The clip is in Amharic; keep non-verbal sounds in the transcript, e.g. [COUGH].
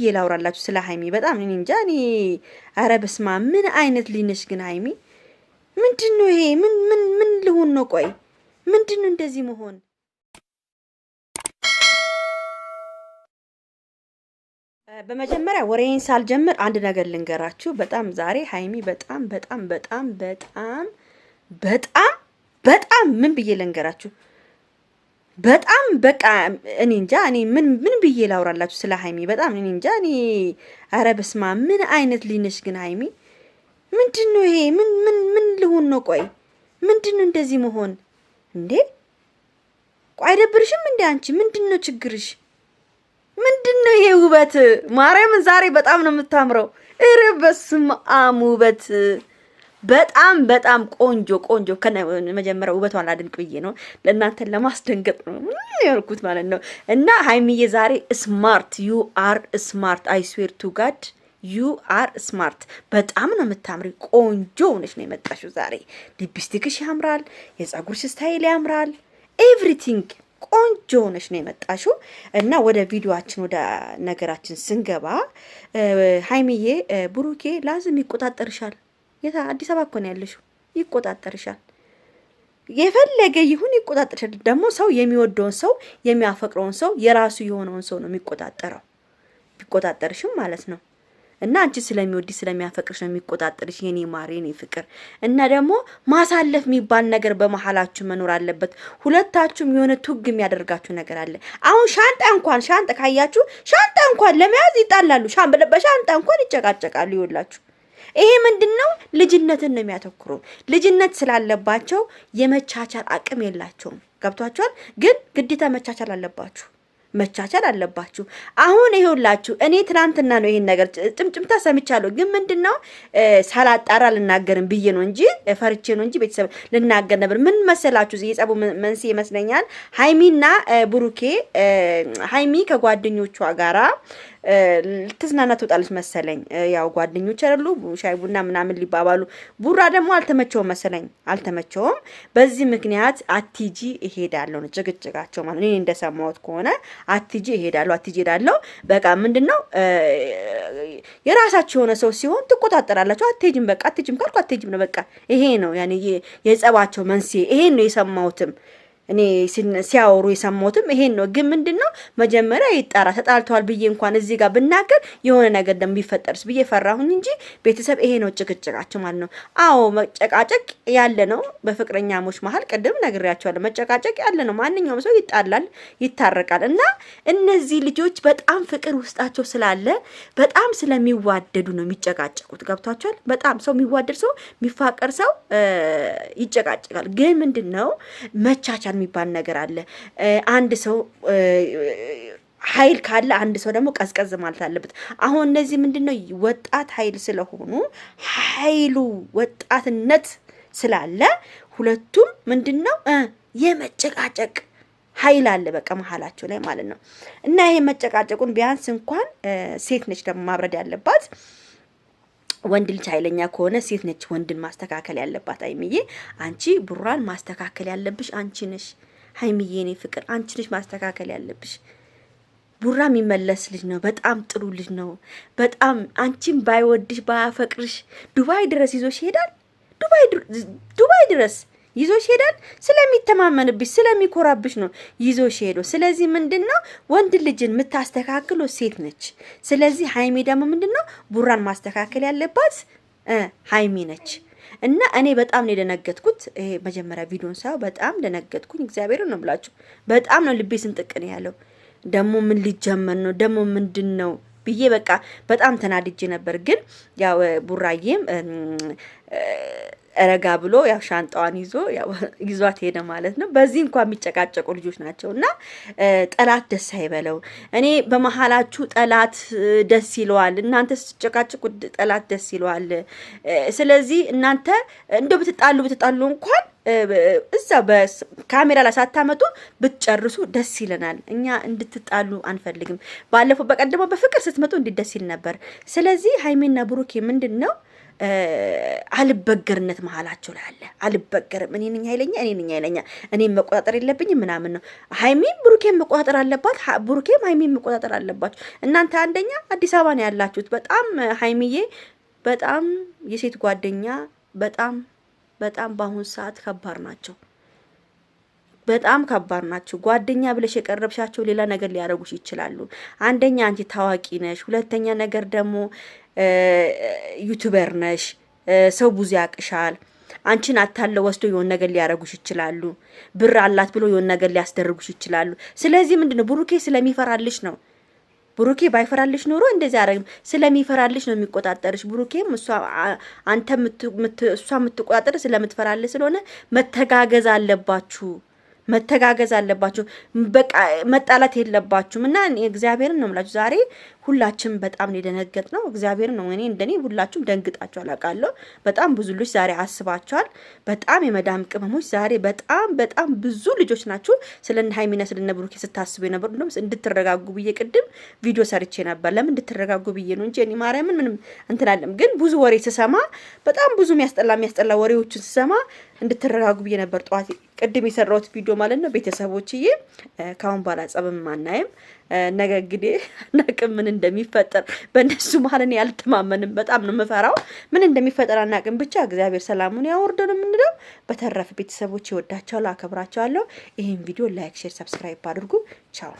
ብዬ ላውራላችሁ ስለ ሀይሚ በጣም እኔ እንጃ እኔ ኧረ ምን አይነት ሊነሽ ግን ሀይሚ ምንድን ነው ይሄ ምን ምን ምን ልሆን ነው ቆይ ምንድን ነው እንደዚህ መሆን በመጀመሪያ ወሬን ሳልጀምር አንድ ነገር ልንገራችሁ በጣም ዛሬ ሀይሚ በጣም በጣም በጣም በጣም በጣም በጣም ምን ብዬ ልንገራችሁ በጣም በቃ እኔ እንጃ እኔ ምን ምን ብዬ ላውራላችሁ ስለ ሀይሚ በጣም እኔ እንጃ እኔ ኧረ ምን አይነት ሊነሽ ግን ሀይሚ ምንድን ነው ይሄ ምን ምን ምን ልሆን ነው ቆይ ምንድን ነው እንደዚህ መሆን እንዴ ቆይ አይደብርሽም እንዴ አንቺ ምንድን ነው ችግርሽ ምንድን ነው ይሄ ውበት ማርያምን ዛሬ በጣም ነው የምታምረው እረ በስመ አብ ውበት በጣም በጣም ቆንጆ ቆንጆ መጀመሪያ ውበቷን ላድንቅ ብዬ ነው ለእናንተ ለማስደንገጥ ነው ያልኩት ማለት ነው። እና ሀይሚዬ ዛሬ ስማርት ዩ አር ስማርት አይ ስዌር ቱ ጋድ ዩ አር ስማርት በጣም ነው የምታምሪ። ቆንጆ ሆነች ነው የመጣሽው ዛሬ። ሊፕስቲክሽ ያምራል፣ የጸጉርሽ ስታይል ያምራል፣ ኤቭሪቲንግ ቆንጆ ሆነች ነው የመጣሽው እና ወደ ቪዲዮችን ወደ ነገራችን ስንገባ ሀይሚዬ ብሩኬ ላዝም ይቆጣጠርሻል። የታ አዲስ አበባ እኮ ነው ያለሽው። ይቆጣጠርሻል። የፈለገ ይሁን ይቆጣጠርሻል። ደግሞ ሰው የሚወደውን ሰው የሚያፈቅረውን ሰው የራሱ የሆነውን ሰው ነው የሚቆጣጠረው። ቢቆጣጠርሽም ማለት ነው እና አንቺ ስለሚወድ ስለሚያፈቅርሽ ነው የሚቆጣጠርሽ። የኔ ማር የኔ ፍቅር እና ደግሞ ማሳለፍ የሚባል ነገር በመሀላችሁ መኖር አለበት። ሁለታችሁም የሆነ ቱግ የሚያደርጋችሁ ነገር አለ። አሁን ሻንጣ እንኳን ሻንጣ ካያችሁ ሻንጣ እንኳን ለመያዝ ይጣላሉ። በሻንጣ እንኳን ይጨቃጨቃሉ። ይወላችሁ ይሄ ምንድን ነው? ልጅነትን ነው የሚያተኩሩ። ልጅነት ስላለባቸው የመቻቻል አቅም የላቸውም። ገብቷቸዋል። ግን ግዴታ መቻቻል አለባችሁ መቻቻል አለባችሁ። አሁን ይሄውላችሁ፣ እኔ ትናንትና ነው ይሄን ነገር ጭምጭምታ ሰምቻለሁ፣ ግን ምንድን ነው ሳላጣራ ልናገርን ብዬ ነው እንጂ ፈርቼ ነው እንጂ ቤተሰብ ልናገር ነበር። ምን መሰላችሁ የጸቡ መንስኤ ይመስለኛል ሀይሚና ብሩኬ ሀይሚ ከጓደኞቿ ጋራ ልትዝናና ትወጣለች መሰለኝ። ያው ጓደኞች ያሉ ሻይ ቡና ምናምን ሊባባሉ፣ ቡራ ደግሞ አልተመቸውም መሰለኝ፣ አልተመቸውም። በዚህ ምክንያት አቲጂ እሄዳለሁ ነው ጭቅጭቃቸው ማለት ነው። እንደሰማሁት ከሆነ አቲጂ እሄዳለሁ፣ አቲጂ እሄዳለሁ። በቃ ምንድን ነው የራሳቸው የሆነ ሰው ሲሆን ትቆጣጠራላቸው። አቴጅም በቃ አቴጅም ካልኩ አቴጅም ነው በቃ። ይሄ ነው ያኔ የጸባቸው መንስኤ። ይሄን ነው የሰማሁትም እኔ ሲያወሩ የሰማሁትም ይሄን ነው። ግን ምንድን ነው መጀመሪያ ይጣራ። ተጣልተዋል ብዬ እንኳን እዚህ ጋር ብናገር የሆነ ነገር ደግሞ ቢፈጠርስ ብዬ ፈራሁኝ እንጂ ቤተሰብ ይሄ ነው ጭቅጭቃቸው ማለት ነው። አዎ መጨቃጨቅ ያለ ነው በፍቅረኛሞች መሀል። ቅድም ነግሬያቸዋለሁ። መጨቃጨቅ ያለ ነው። ማንኛውም ሰው ይጣላል፣ ይታረቃል። እና እነዚህ ልጆች በጣም ፍቅር ውስጣቸው ስላለ በጣም ስለሚዋደዱ ነው የሚጨቃጨቁት። ገብቷቸዋል። በጣም ሰው የሚዋደድ ሰው የሚፋቀር ሰው ይጨቃጭቃል። ግን ምንድን ነው መቻቻል የሚባል ነገር አለ። አንድ ሰው ኃይል ካለ አንድ ሰው ደግሞ ቀዝቀዝ ማለት አለበት። አሁን እነዚህ ምንድን ነው ወጣት ኃይል ስለሆኑ ኃይሉ ወጣትነት ስላለ ሁለቱም ምንድን ነው የመጨቃጨቅ ኃይል አለ በቃ መሀላቸው ላይ ማለት ነው። እና ይሄ መጨቃጨቁን ቢያንስ እንኳን ሴት ነች ደግሞ ማብረድ ያለባት ወንድ ልጅ ኃይለኛ ከሆነ ሴት ነች ወንድን ማስተካከል ያለባት። አይምዬ አንቺ ቡራን ማስተካከል ያለብሽ አንቺ ነሽ። ሀይሚዬ እኔ ፍቅር አንቺ ነሽ ማስተካከል ያለብሽ። ቡራ የሚመለስ ልጅ ነው። በጣም ጥሩ ልጅ ነው። በጣም አንቺን ባይወድሽ ባያፈቅርሽ ዱባይ ድረስ ይዞሽ ይሄዳል። ዱባይ ድረስ ይዞሽ ሄዳል። ስለሚተማመንብሽ ስለሚኮራብሽ ነው ይዞሽ ሄዶ። ስለዚህ ምንድን ነው ወንድ ልጅን የምታስተካክሎ ሴት ነች። ስለዚህ ሀይሚ ደግሞ ምንድን ነው ቡራን ማስተካከል ያለባት ሀይሚ ነች። እና እኔ በጣም ነው የደነገጥኩት። ይሄ መጀመሪያ ቪዲዮን ሳየው በጣም ደነገጥኩኝ። እግዚአብሔር ነው ብላችሁ በጣም ነው ልቤ ስንጥቅን ያለው። ደግሞ ምን ሊጀመር ነው ደግሞ ምንድን ነው ብዬ በቃ በጣም ተናድጄ ነበር። ግን ያው ቡራዬም ረጋ ብሎ ያው ሻንጣዋን ይዞ [LAUGHS] ይዟት ሄደ ማለት ነው። በዚህ እንኳ የሚጨቃጨቁ ልጆች ናቸው እና ጠላት ደስ አይበለው። እኔ በመሀላችሁ ጠላት ደስ ይለዋል፣ እናንተ ስትጨቃጭቁ ጠላት ደስ ይለዋል። ስለዚህ እናንተ እንደ ብትጣሉ ብትጣሉ እንኳን እዛ በካሜራ ላይ ሳታመጡ ብትጨርሱ ደስ ይለናል። እኛ እንድትጣሉ አንፈልግም። ባለፈው በቀደመው በፍቅር ስትመጡ እንዲደስ ይል ነበር። ስለዚህ ሀይሜና ብሩኬ ምንድን ነው አልበገርነት መሀላቸው ላይ አለ። አልበገርም፣ እኔ ነኝ ኃይለኛ፣ እኔ ነኝ ኃይለኛ፣ እኔም መቆጣጠር የለብኝም ምናምን ነው። ሀይሚም ብሩኬም መቆጣጠር አለባት፣ ብሩኬም ሀይሚም መቆጣጠር አለባችሁ። እናንተ አንደኛ አዲስ አበባ ነው ያላችሁት። በጣም ሀይሚዬ፣ በጣም የሴት ጓደኛ፣ በጣም በጣም በአሁኑ ሰዓት ከባድ ናቸው። በጣም ከባድ ናቸው። ጓደኛ ብለሽ የቀረብሻቸው ሌላ ነገር ሊያደርጉሽ ይችላሉ። አንደኛ አንቺ ታዋቂ ነሽ፣ ሁለተኛ ነገር ደግሞ ዩቱበር ነሽ። ሰው ብዙ ያቅሻል። አንቺን አታለው ወስዶ የሆን ነገር ሊያረጉሽ ይችላሉ። ብር አላት ብሎ የሆን ነገር ሊያስደርጉሽ ይችላሉ። ስለዚህ ምንድነው ብሩኬ ስለሚፈራልሽ ነው። ብሩኬ ባይፈራልሽ ኖሮ እንደዚህ አረግም። ስለሚፈራልሽ ነው የሚቆጣጠርሽ። ብሩኬም አንተ እሷ የምትቆጣጠር ስለምትፈራልሽ ስለሆነ መተጋገዝ አለባችሁ። መተጋገዝ አለባችሁ። በቃ መጣላት የለባችሁም እና እግዚአብሔርን ነው የምላችሁ ዛሬ ሁላችንም በጣም የደነገጥ ነው። እግዚአብሔር ነው እኔ እንደኔ ሁላችሁም ደንግጣችሁ አውቃለሁ። በጣም ብዙ ልጆች ዛሬ አስባችኋል። በጣም የመዳም ቅመሞች ዛሬ በጣም በጣም ብዙ ልጆች ናችሁ ስለነ ሀይሚና ስለነ ብሩኬ ስታስቡ የነበሩ እንደውም እንድትረጋጉ ብዬ ቅድም ቪዲዮ ሰርቼ ነበር። ለምን እንድትረጋጉ ብዬ ነው እንጂ እኔ ማርያምን ምንም እንትናለም። ግን ብዙ ወሬ ስሰማ በጣም ብዙ የሚያስጠላ የሚያስጠላ ወሬዎችን ስሰማ እንድትረጋጉ ብዬ ነበር ጠዋት ቅድም የሰራሁት ቪዲዮ ማለት ነው። ቤተሰቦችዬ ከአሁን በኋላ ጸብም አናይም። ነገ እንግዲህ [LAUGHS] አናቅም ምን እንደሚፈጠር። በእነሱ መሀል እኔ አልተማመንም። በጣም ነው የምፈራው። ምን እንደሚፈጠር አናቅም። ብቻ እግዚአብሔር ሰላሙን ያወርድ ነው የምንለው። በተረፈ ቤተሰቦች ይወዳቸዋለሁ፣ አከብራቸዋለሁ። ይህን ቪዲዮ ላይክ፣ ሼር፣ ሰብስክራይብ አድርጉ። ቻው